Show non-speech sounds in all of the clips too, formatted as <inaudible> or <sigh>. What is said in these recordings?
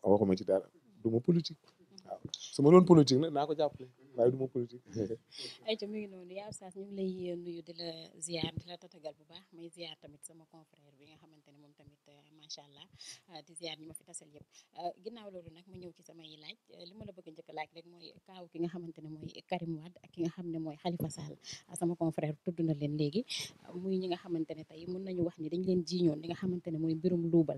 waxuma ci dara du ma politique waaw su ma doon politique nag naa ko jàppale waaye du ma politique. ayca <laughs> mi ngi noonu yaa Oustaz ñu ngi lay nuyu di la ziar di la tatagal bu baax may ziar tamit sama confrère bi nga xamante moom tamit. macha allah di ziar ñi ma fi tasal yëpp ah, ginnaaw eh, nga xamante ne ne mooy Khalifa ah, na leen ah, wax ni dañ leen jiiñoon li nga xamante ne mooy mbirum luubal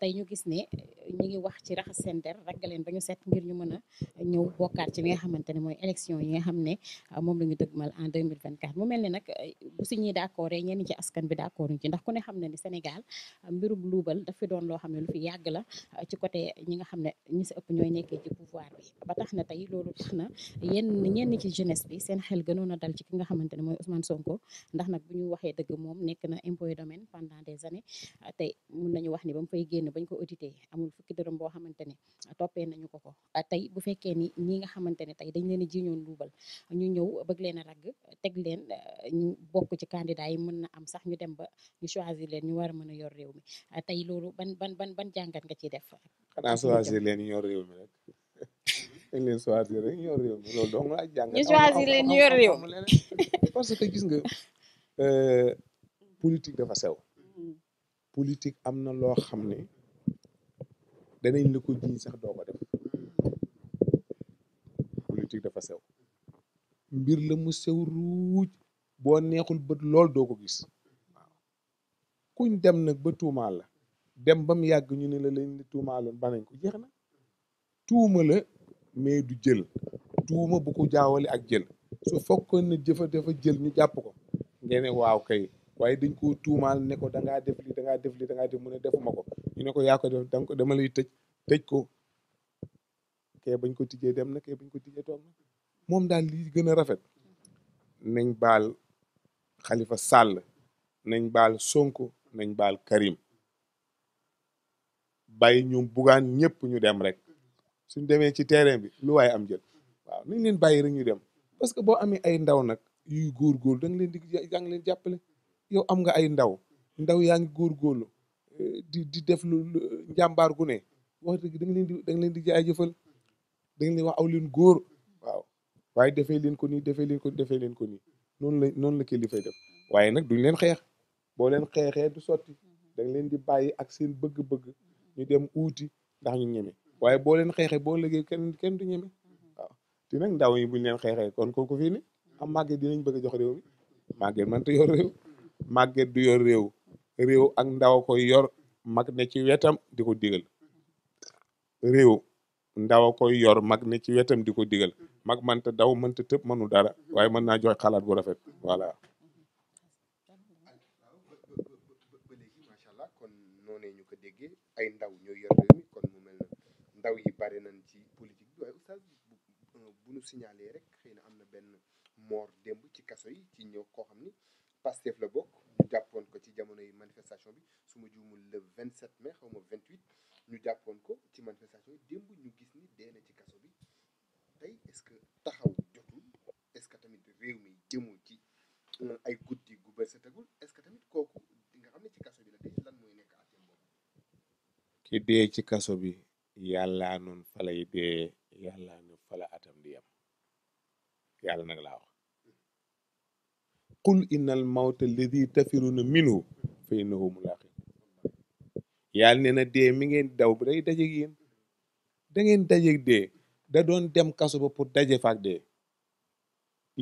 tey ñu gis ne eh, ñu ngi wax ci raxas seen der raggaleen ba ñu set ñu mën a ñëw bokkaat ci li nga xamante ne mooy élection yi nga xam ne moom la ñu dëgmal en 2024 mu mel ne nag eh, bu si ñuy d'accord ñenn ci askan bi d'accord ci ndax ku ne xam ne ni Sénégal mbirum luubal daf fi doon loo xam ne lu fi yàgg la euh, ci côté ñi nga xam ne ñi si ëpp ñooy nekkee ci pouvoir bi ba tax na tey loolu tax na yenn ñenn ci jeunesse bi seen xel gënoon a dal ci ki nga xamante ne mooy Ousmane Sonko ndax nag bu ñu waxee dëgg moom nekk na impôt domaine pendant des années euh, tey mun nañu wax ni ba mu fay génn bañ ko audité amul fukki dërëm boo xamante ne euh, toppee nañu ko ko tey bu fekkee ni ñi nga xamante ne tey dañ leen a jiñoon luubal ñu ñëw bëgg leen a ragg teg leen ñu bokk ci candidat yi mën na am sax ñu dem ba ñu choisir leen ñu war a mën a yor réew mi tey loolu ban ban ban ban jàngat nga ciy def. xanaa choisir leen ñu yor réew mi rek dañ leen choisir rek ñu yor réew mi loolu donc laaj jàngat. ñu choisir leen ñu yor mi parce que gis nga politique dafa sew. politique am na loo xam ne danañ la ko sax doo ko dafa sew mbir la mu sew ruuj bo neexul bët lool doo ko gis waaw kuñ dem na ba tuumaal la dem ba mu yàgg ñu ne la lañ la tuumaaloon ba ko jeex na tuuma la mais du jël tuuma bu ko jaawale ak jël su fekkoon ne jëfa dafa jël ñu jàpp ko ngeen ne waaw kay waaye dañ koo tuumaal ne ko da ngaa def li da ngaa def li da ngaa def mu ne defuma ko ñu ne ko yaa ko def da ko dama lay tëj tëj ko kee bañ ko tijee dem na kee bañ ko tijjee toog na moom daal li gën a rafet nañ baal Khalifa Sall nañ baal sonk nañ baal Karim bàyyi ñoom bugaan ñëpp ñu dem rek suñ demee ci terrain bi lu waaye am jël waaw nañ leen bàyyi rek ñu dem parce que boo amee ay ndaw nag yuy góorgóor da nga leen di da leen jàppale yow am ay ndaw ndaw yaa ngi góorgóorlu eh, di di def lu njàmbaar gu ne wax dëgg da nga leen di da leen di jaajëfal da nga leen wax aw leen góor waaw waaye defee leen ko nii defee leen defee leen ko nii noonu la noonu la kilifa yi def waaye nag duñ leen xeex boo leen xeexee du sotti dañ leen di bàyyi ak seen bëgg-bëgg ñu dem uuti ndax ñu ñeme waaye boo leen xeexee boo liggéey ken kenn du ñeme waaw te nag ndaw yi buñ leen xeexe kon kooku fii ni am màgget dinañ bëgg a jox réew mi màgget man te yor réew màgget du yor réew réew ak ndaw koy yor mag ne ci wetam diko ko digal réew ndaw a koy yor mag ne ci wetam di ko digal mag mënta daw mënta tëb mënu dara waaye mën naa jox xalaat bu rafet voilà. macha allah kon noonee ñu ko dégge ay ndaw ñoo yor mi kon mu mel na ndaw yi bari nañ ci politique bi waaye bu nu signalé rek xëy na am na benn moor démb ci kaso yi ci ñëw koo xam ni Pastef la bokk ñu jàppoon ko ci jamono yi manifestation bi su ma juumul vingt 27 mais xaw ma 28 ñu jàppoon ko ci manifestation yi démb ñu. est que taxaw jotul est-ce réew mi jëmu ci ay guddi gu ce que tamit kooku nga ci kaso bi la dee lan mooy nekk ci kaso bi yàllaa noonu fa lay dee yàllaa noonu atam di yam yàlla nag laa wax qul inna tafiruna minhu fa innahu mulaqi yàlla mi ngeen daw dajeeg yéen da doon dem kaso ba pour daje fa ak dee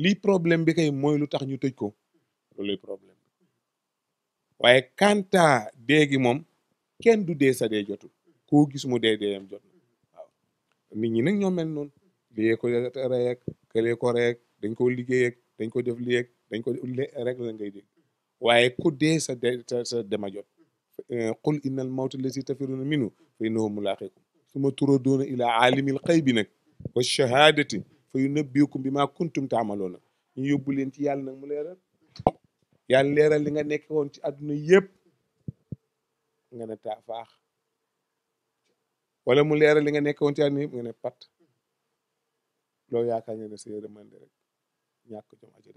lii problème bi kay mooy lu tax ñu tëj ko looluy problème bi waaye kanta dee gi moom kenn du dee sa dee jotul koo gis mu dee deeyam jot na waaw nit ñi nag ñoo mel noonu liyee ko reek ko reek dañ ko liggéey ak dañ ko def liyeeg dañ ko rek la ngay dégg waaye ku dee sa de sa dema jot qul innal mawta lazi tafirruuna minhu fa innahu mulaaqiikum suma turadduuna ilaa aalimil xaybi nag wa shahadati fa yunabbiukum bi maa kuntum taamaloona ñu yóbbu leen ci yàlla nag mu leeral yàlla leeral li nga nekk woon ci àdduna yëpp nga ne taafaax wala mu leeral li nga nekk woon ci àdduna pat loolu yaakaar nga ne sa yërmande rek ñàkk jom aja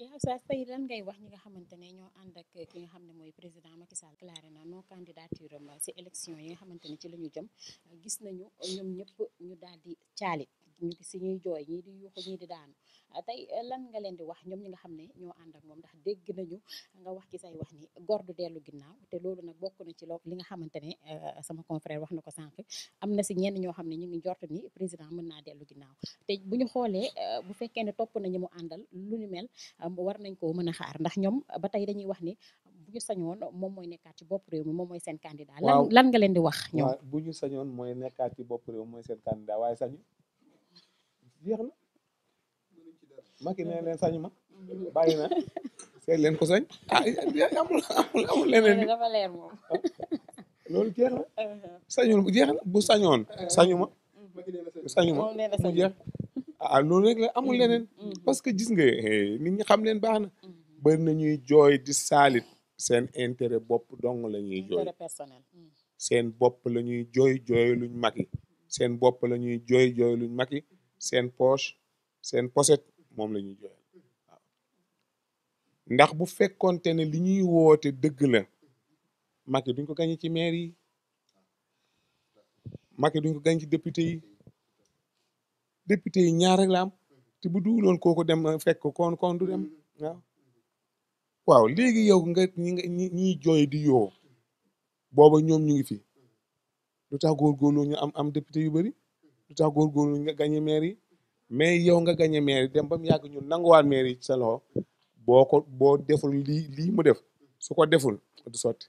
yaa sa tey lan ngay wax ñi nga xamante ne ñoo ànd ak ki nga xam ne mooy président Macky Sall déclaré na non candidature am si élection yi nga xamante ne ci la ñu jëm gis nañu ñoom ñëpp ñu daal di caali ñu ngi si ñuy jooy ñii di yuuxu ñii di daan ah, tey eh, lan nga leen di wax ñoom ñi nga xam ne ñoo ànd moom ndax dégg nañu nga wax ci say wax ni góor dellu ginnaaw te loolu nag bokk na ci loo li nga xamante ne eh, sama confrère wax na ko sànq am na si ñenn ñoo xam ne ñu ngi jort ni président mën naa dellu ginnaaw te bu ñu xoolee eh, bu fekkee ne topp nañu mu àndal lu ñu mel war nañ koo mën a xaar ndax ñoom ba tey dañuy wax ni bu ñu sañoon moom mooy nekkaat ci bopp réew mi moom mooy seen candidat lan nga leen di wax ñoom ñu sañoon mooy nekkaat ci bopp réew mooy seen candidat waaye sañu jeex na Macky nee leen sañu ma bàyyi na seet leen ko sañ ah amul amul amul leneen ni ah, jeex na uh-huh. sañul bu jeex na bu sañoon uh-huh. sañu ma sañu ma mu jeex ah loolu rek la amul leneen uh-huh. parce que gis nga eh, nit ñi xam leen baax na bëri na ñuy jooy di saalit seen intérêt bopp dong la ñuy jooy seen bopp la ñuy jooy jooy luñ Macky seen bopp la ñuy jooy jooy luñ Macky seen poche seen pochette moom la ñuy joxe waaw ndax bu fekkonte ne li ñuy woote dëgg la Macky duñ ko gañe ci maire yi Macky duñ ko gañ ci député yi député yi ñaar rek la te bu duguloon kooku dem fekk kon kon du dem waaw waaw léegi yow nga ñi nga jooy di yoo booba ñoom ñu ngi fi lu tax góorgóorloo ñu am am député yu bëri lu tax góorgóorlu nga gagné maire yi mais yow nga gagné maire yi dem ba mu yàgg ñu nanguwaat maire yi ci sa loxo boo ko boo deful lii lii mu def su ko deful du sotti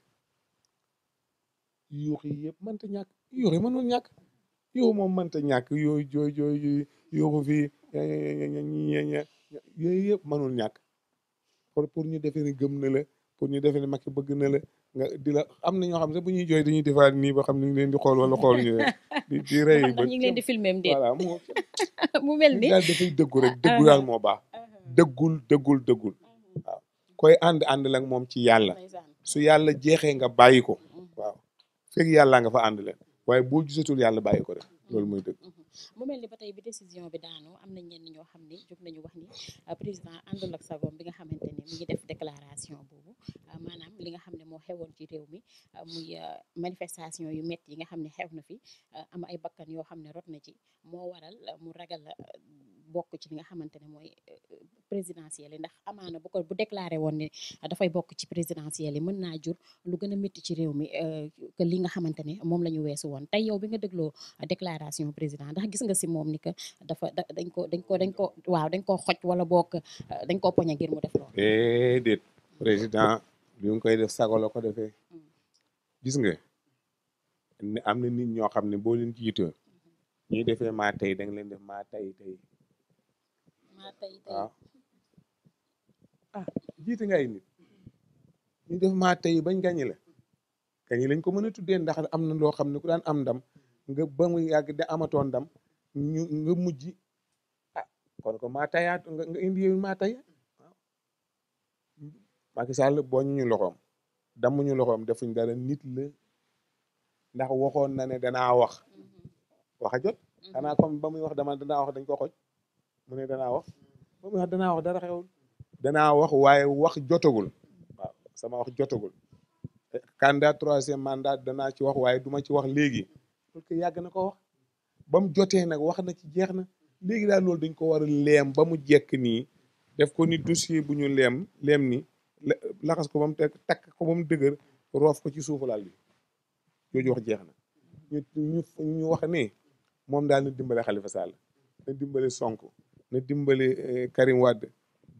yuux yi yëpp mënta ñàkk yuux yi mënul ñàkk yow moom mënta ñàkk yooyu jooy jooy yuuxu fii yooyu yëpp mënul ñàkk pour pour ñu defee ni gëm na la pour ñu defee ni Macky bëgg na la nga di la am na ñoo xam ne bu ñuy jooy dañuy defaat nii ba xam ne ñu leen di xool wala xool ñu <laughs> di di rey ba <laughs> ñu ngi leen di filmé mu déet voilà mu <laughs> mel ni daal dëggu rek dëggu uh-huh. daal moo baax uh-huh. dëggul dëggul dëggul uh-huh. koy ànd ànd lak moom ci yàlla su yàlla jeexee nga bàyyi ko waaw fekk yàlla nga fa ànd leen waaye boo gisatul yàlla bàyyi ko rek loolu mooy dëgg mu mel ni ba tey bi décision bi daanu am na ñenn ñoo xam ne jóg nañu wax ni président àndul ak sagoom bi nga xamante ne mu ngi def déclaration boobu Euh, maanaam li nga xam ne moo xewoon ci réew mi euh, muy euh, manifestation yu métti yi nga xam ne xew na fi am ay bakkan yoo xam ne rot na ci moo waral mu ragal bokk ci li nga xamante ne mooy présidentielle yi ndax amaana bu ko bu déclaré woon ne dafay bokk ci présidentielle yi mën naa jur lu gën a métti ci réew mi que li nga xamante ne moom la ñu weesu woon tey yow bi nga dégloo déclaration président ndax gis nga si moom ni que dafa dañ ko dañ ko dañ ko waaw dañ ko xoj wala book dañ ko poñe ngir mu def loolu président bi koy def sago la ko defee gis nga ne am na nit ñoo xam ne boo leen jiitoo ñuy defee maa tey da leen def maa tey tey waaw ah jiite nga ay nit ñu def maa tey bañ gañi la gañi lañ ko mën a tuddee ndax am na loo xam ne ku daan am ndam nga ba mu yàgg de amatoon ndam ñu nga mujj a ah, kon ko maa tayaat nga indi yow maa tey Macky Sall boo ñu loxoom damm ñu loxoom defuñ dara nit la ndax waxoon na ne danaa wax mm-hmm. wax a jot mm-hmm. xanaa comme ba muy wax dama danaa wax dañ ko xoj mu ne danaa wax ba muy wax danaa wax dara xewul danaa wax waaye wax jotagul waaw sama wax jotagul candidat troisième mandat danaa ci wax waaye duma ci wax léegi parce que yàgg na ko wax ba mu jotee nag wax na ci jeex na léegi daal loolu dañ ko war a leem ba mu jekk nii def ko ni dossier bu ñu leem leem ni laxas ko ba mu takk ko moom mu dëgër roof ko ci suufu laal bi jooju wax jeex na ñu ñu wax ne moom daal na dimbale Khalifa Sall na dimbale Sonko na dimbale eh, Karim Wade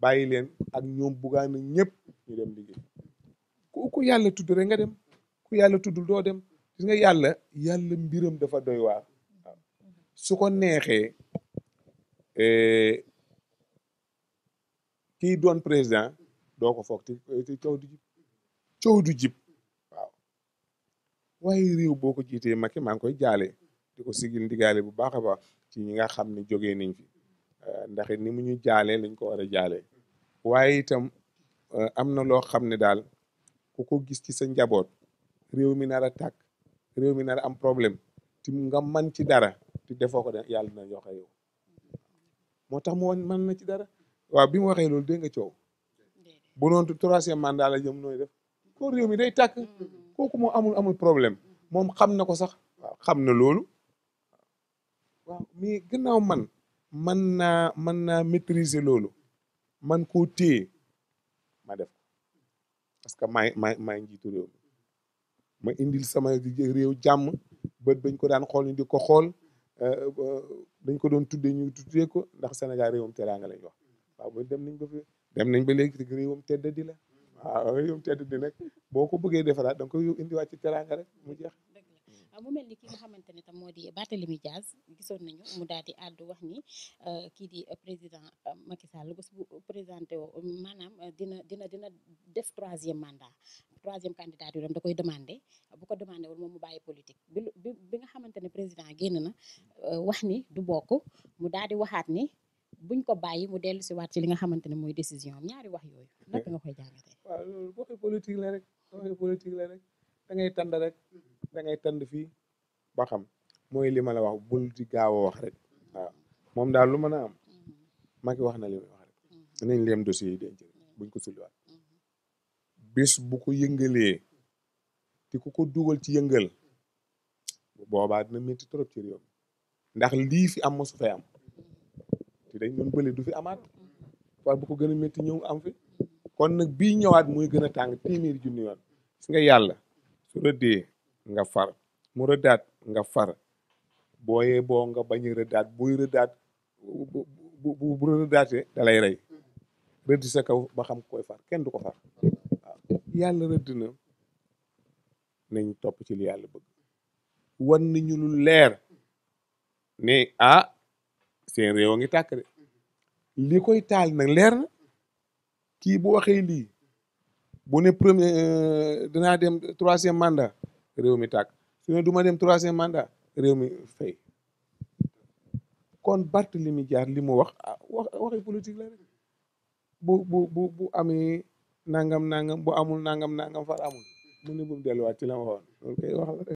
bàyyi leen ak ñoom buggaan na ñëpp ñu dem liggéey ku ku yàlla tudd rek nga dem ku yàlla tuddul doo dem gis nga yàlla yàlla mbiram dafa doy waa waaw su ko neexee eh, kii doon président doo ko foog te du jib coow du jib waaw waaye réew boo ko jiitee Macky maa ngi koy jaale di ko sigil ndigaale bu baax a baax ci ñi nga xam ne jógee nañ fi euh, ndax ni mu ñu jaalee lañ ko war a jaalee waaye itam euh, am na loo xam ne daal ku ko gis ci sa njaboot réew mi nar a tàkk réew mi nar am problème te ngam man ci dara te defoo ko yàlla na joxe moo tax mu man na ci dara waaw bi mu waxee loolu dégg nga coow bu noonu troisième mandat la jëm nooy def ko réew mi day tàkk mm-hmm. kooku moo amul amul problème mm-hmm. moom xam na ko sax waaw xam na loolu waaw mais gannaaw man man naa man naa maîtriser loolu man koo téye ma def ko parce que maay maay maay njiitu réew mi ma indil sama réew jàmm bët bañ ko daan xool ñu di ko xool euh, euh, dañ ko doon tuddee ñu tuddee ko ndax Sénégal réewam teraanga lañ wax waaw ba dem nañ ko fi dem nañ ba léegi rek réewam tedd la waaw boo ko bëggee defaraat da nga koy indiwaat ci rek mu jeex. Ah, mu mel ni ki nga xamante ne tam moo di Barthélemy Diaz gisoon nañu mu daal di àddu wax ni euh, kii di président euh, Macky Sall bés bu présenté woo maanaam euh, dina dina dina def troisième mandat troisième candidature am da koy demandé bu ko demandé wul moom mu bàyyi politique bi nga xamante ne président génn na wax ni du bokk mu daal di waxaat ni buñ ko bàyyi mu dellu si waat ci li nga xamante ne mooy décision am ñaari wax yooyu naka nga koy jàngatee waaw loolu waxi politique la rek waxi politique la rek da ngay tànd rek da ngay tànd fii ba xam mooy li ma la wax bul di gaaw a wax rek waaw moom daal lu mën a am mm-hmm. Macky wax na li muy wax rek mm-hmm. dinañ leem dossier yi denc buñ ko sulliwaat mm-hmm. bés bu ko yëngalee te ku ko dugal ci yëngal boobaa dina métti trop ci réew ndax lii fi am mosu fay am tey ñun bële du fi amaat wala bu ko gën a métti ñëw am fi kon nag bii ñëwaat muy gën a tàng téeméeri junni yoon gis nga yàlla su rëddee nga far mu rëddaat nga far booyee boo nga bañ a rëddaat buy rëddaat bu bu bu rëddaatee da lay rey rëdd sa kaw ba xam koy far kenn du ko far waaw yàlla rëdd na nañ topp ci li yàlla bëgg wan nañu lu leer ne ah seen réew a ngi tàkk de li koy taal na leer na kii bu waxee lii bu ne premier euh, dinaa dem troisième manda réew mi tàkk su ne du dem troisième manda réew mi fay kon Barthélemy Dias li mu wax ah, wax waxi politique la rek bu bu bu bu nangam nangam bu amul nangam nangam wa amul mu delluwaat ci la